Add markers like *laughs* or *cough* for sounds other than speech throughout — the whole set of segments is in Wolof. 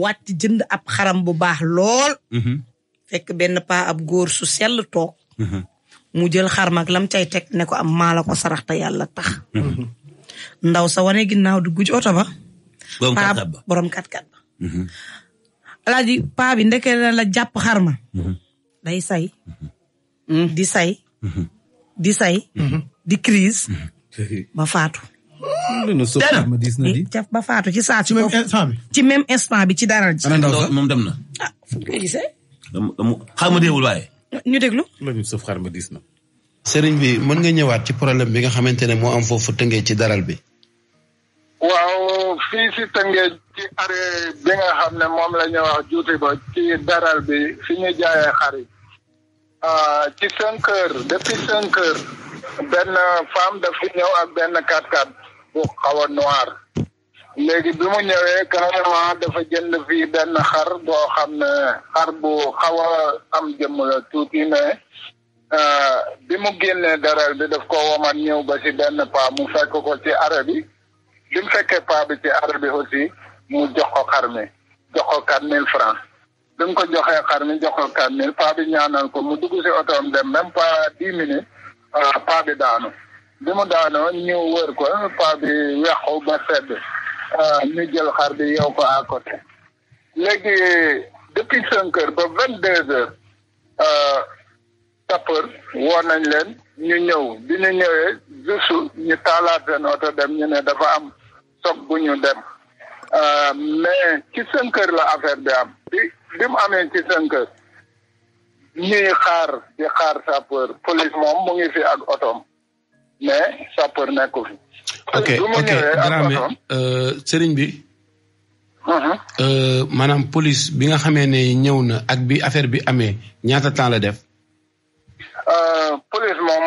wàcc jënd ab xaram bu baax lool mhm. fekk benn paa ab góor su sell mhm. mu jël xarmak lam cay teg ne ko am maala ko sarax te yàlla tax mhm. ndaw sa wane ginnaaw dugg ci oto ba paa borom kat-kat ba alaaji paa bi ndeke la jàpp xarma day say di say di say di crise *laughs* ba faatu dara def eh, ba faatu ci saa ci même ci même instant bi ci dara ji. moom dem na. ah fu nga gisee. xaar ñu déglu. suuf xaar ma diis na. sëriñ bi mën nga ñëwaat ci problème bi nga xamante ne moo am foofu tëngee ci daral bi. waaw fii si tëngee ci arrêt bi nga xam ne moom la wax juuti ba ci daral bi fi ñu jaayee xar ah, ci cinq depuis cinq benn femme dafa ñëw ak benn quatre quatre. bu xaw a noir léegi bi mu ñëwee carrément dafa jënd fii benn xar boo xam ne xar bu xaw a am jëmm la tuuti mais euh, bi mu génnee daral bi def ko woman ñëw ba ci benn paa mu fekk ko ci arab bi bi mu fekkee paa bi ci arab bi aussi mu jox ko xar mi jox ko quatre mille francs bi mu ko joxee xar mi jox ko quatre mille paa bi ñaanal ko mu dugg ci otoom dem même pas dix minutes euh, paa bi daanu bi mu daanoo ñu wër ko paa bi yàqu ba sedd ah, ñu jël xar bi yow ko à côté léegi depuis cinq heures ba vingt deux heures sapeur ah, woo nañ leen ñu ñëw bi ñu ñëwee juste ñu taalaat oto dem ñu ne dafa am soog bu ñu dem ah, mais ci cinq heures la affaire bi am bi bi mu amee ci cinq ñuy xaar di xaar sapeur police moom mu ngi fi ak otoom mais peut nekku fi ok ok dramé euh, sëriñ bi uh-huh. euh, madame police bi nga xamee ne ñëw na ak bi affaire bi amee ñaata temps la def euh, police moom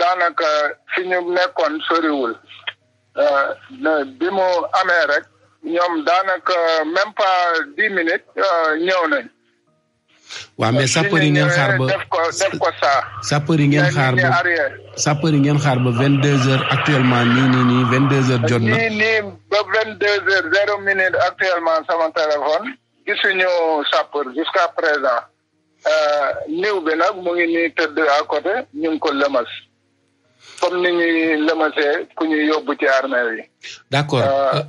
daanaka fi ñu nekkoon soriwul bi mo amé rek ñoom daanaka même pas 10 minutes ñëw nañ waaw mais sapeur yi ngeen xaar ba def ko def ko saa. yi ngeen xaar ba sapeur yi ngeen xaar ba vingt deux heures actuellement nii ni nii vingt deux heures jot na. nii nii ba vingt deux heures zéro minute actuellement sama téléphone. gisuñu sapeur jusqu'à présent. Euh, niw bi nag mu ngi nii tëdd à côté ñu ngi ko lëmas. comme ni ñuy lëmasee ku ñuy yóbbu ci armée yi. d'accord euh, euh,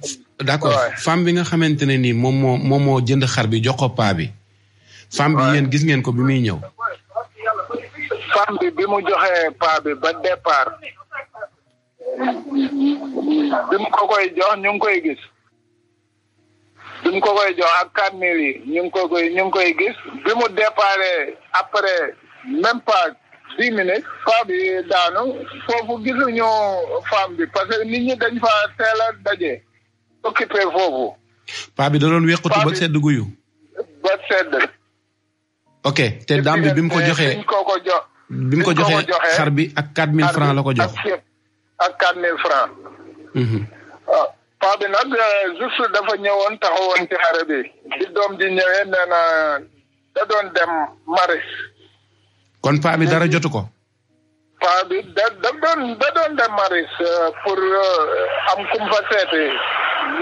d'accord femme bi nga xamante ne nii moom moo moom moo jënd xar bi jox ko bi. femme bi yéen gis ngeen ko bi muy ñëw. femme bi bi mu joxee paa bi ba départ bi mu ko koy jox ñu ngi koy gis. bi mu ko koy jox ak quatre yi ñu ngi ko koy ñu ngi koy gis bi mu départ après même pas dix minutes faa bi daanu foofu gisuñu femme bi parce que nit ñi dañ fa teel a daje foofu. paa bi da doon wéqutu ba sedd guyu. ba sedd. ok te daam bi bi mu ko joxee bi mu ko joxe xar bi ak quatre mille francs la ko jox ak quatre mille francs waaw mhm. ah, paa bi nag euh, juste dafa ñëwoon taxawoon ci xare bi di doom ji ñëwee nee na da doon dem maris kon paa bi dara jotu ko paa bi da da doon da doon dem maris euh, pour euh, am kum fa seeti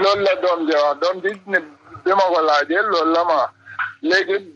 loolu la doom ji wax ji ni bi ma la ma léegi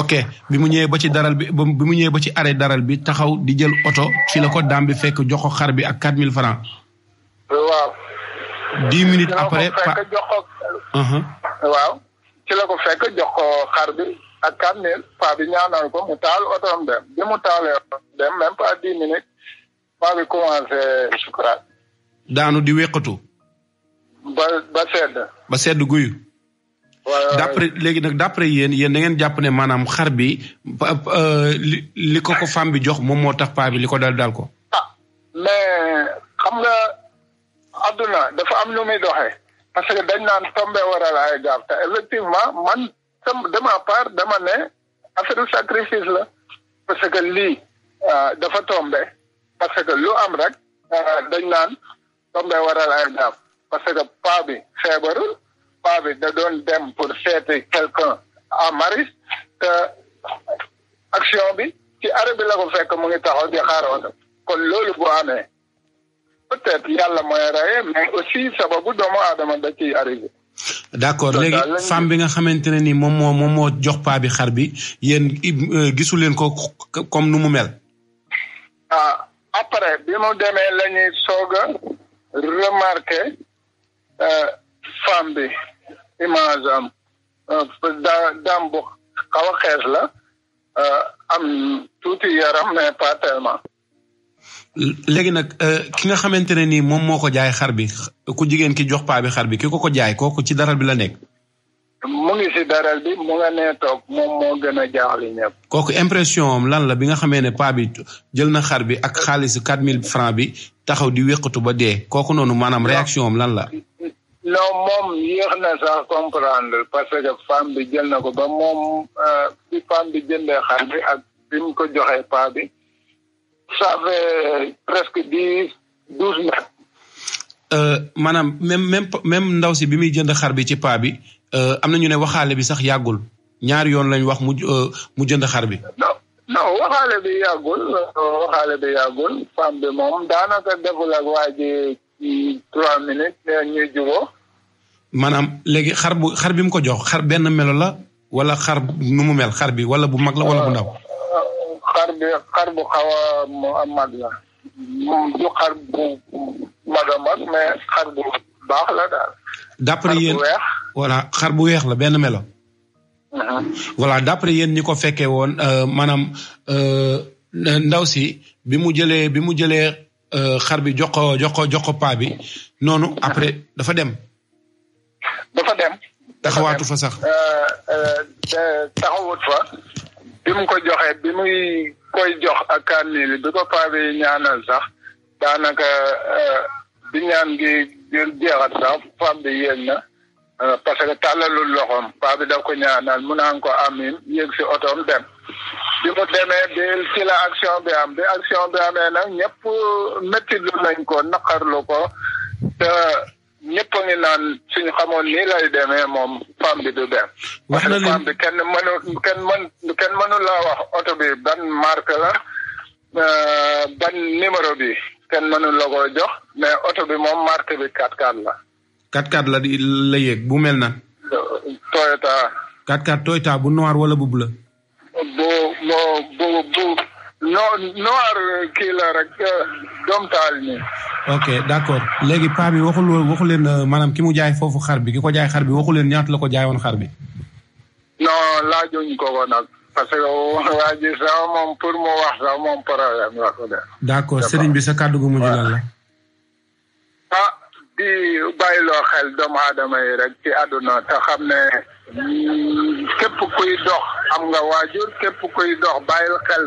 ok bi mu ñëwee ba ci daral bi bi mu ñëwee ba ci arrêt daral bi taxaw di jël oto ci la ko daam fekk jox ko xar bi ak quatre mille francs. waaw. dix minutes après. Uh-huh. waaw jox ko xar bi ak quatre mille paa bi ñaanal ko mu taal otoom dem bi mu taalee dem même pas dix minutes daanu di wéqatu. ba ba sedd. ba sedd guyu. d'après léegi nag d'après yéen yéen da ngeen jàpp ne maanaam xar bi euh, li ko ko bi jox moom moo tax paa bi li ko dal daal ko. ah mais xam nga adduna dafa am lu muy doxee parce que dañ naan tombe waral ay gaaf te effectivement man sama de ma part dama ne affaire sacrifice la parce que lii euh, dafa tombe parce que lu am rek euh, dañ naan tombé waral ay gaaf parce que paa bi feebarul. tubaab bi da doon dem pour seeti quelqu'un à Maris te action bi ci arrêt bi la ko fekk mu ngi taxaw di xaar kon loolu bu amee peut-être yàlla mooy reye mais aussi sababu doomu aadama da ciy arrivé. d'accord léegi femme bi nga xamante ne ni moom moo moom moo jox paa bi xar bi yéen euh, gisu leen ko comme nu mu mel. ah après bi mu demee la ñuy soog a remarqué euh, femme bi. image am euh, daam bu xaw xees la euh, am tuuti yaram mais pas tellement. léegi nag euh, ki nga xamante ne nii moom moo ko jaay xar bi ku jigéen ki jox paa bi xar bi ki ko ko jaay kooku ci daral bi la nekk. mu ngi si daral bi mu nga nee toog moom moo gën a jaaxle ñëpp. kooku impression am lan la bi nga xamee ne paa bi jël na xar bi ak xaalisu quatre mille franc bi taxaw di wéqatu ba dee kooku noonu maanaam réaction am lan la. non moom yéex na comprendre parce que femme bi jël na euh, femme bi ak ko ça fait presque dix douze mètres. Euh, même même même ndaw si bi muy jënd xar ci bi euh, am na ñu ne waxaale bi sax yoon lañ wax mu mu jënd non non bi bi femme bi moom daanaka deful ak waa ji trois minutes du. maanaam léegi xar bu bi mu ko jox xar benn melo la wala xar nu mu mel xar bi wala bu mag la wala bu ndaw. xar bi xar bu a mag la. du xar bu yéen voilà xar bu weex la benn melo. Mhm. voilà d'après yéen ñi ko fekke woon euh, maanaam euh, ndaw si bi mu jëlee bi mu jëlee euh, xar bi jox ko jox jox ko paa bi noonu après dafa dem. fa dem. taxawaatu fa sax. Euh, euh, taxawut fa bi ko joxe bi muy koy jox ak kaamil bi ko ñaanal sax daanaka euh, bi ñaan gi jeexat sax faam bi parce que tàllalul loxoom paa bi daf ko ñaanal mu naan ko amin yéeg si otoom dem. bi mu demee bi ci action bi am bi action bi amee nag ñëpp métti lu nañ ko naqarlu ko ñëpp a ngi naan suñu xamoon nii lay demee moom femme bi du dem. wax na leen femme bi kenn mënu kenn mën kenn wax oto bi ban marque la euh, ban numéro bi kenn mënu la jox mais oto bi moom marque bi 4 x la. 4 x la di bu mel na. Toyota. 4 x Toyota bu noir wala bu bleu. bu bu bu noir kii rek euh, doom taal ok d'accord léegi paa bi waxul waxu leen euh, maanaam ki mu jaay foofu xar bi ki ko jaay xar bi waxu leen ñaata la ko jaayoon xar bi. non laajuñ ko ko nag parce que *laughs* waa sax moom pour mu wax sax moom problème la ko def. d'accord sëriñ bi sa kàddu gu mujj lan la. ah di bàyyiloo xel doomu aadama yi rek ci àdduna te xam ne mm, képp koy dox am nga waajur képp kuy dox bàyyil xel.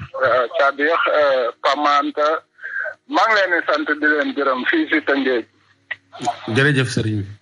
c'est-à-dire euh, euh, Pamanta maa ngi leen di sant di leen gërëm fii si Tëngéej. jërëjëf sëriñ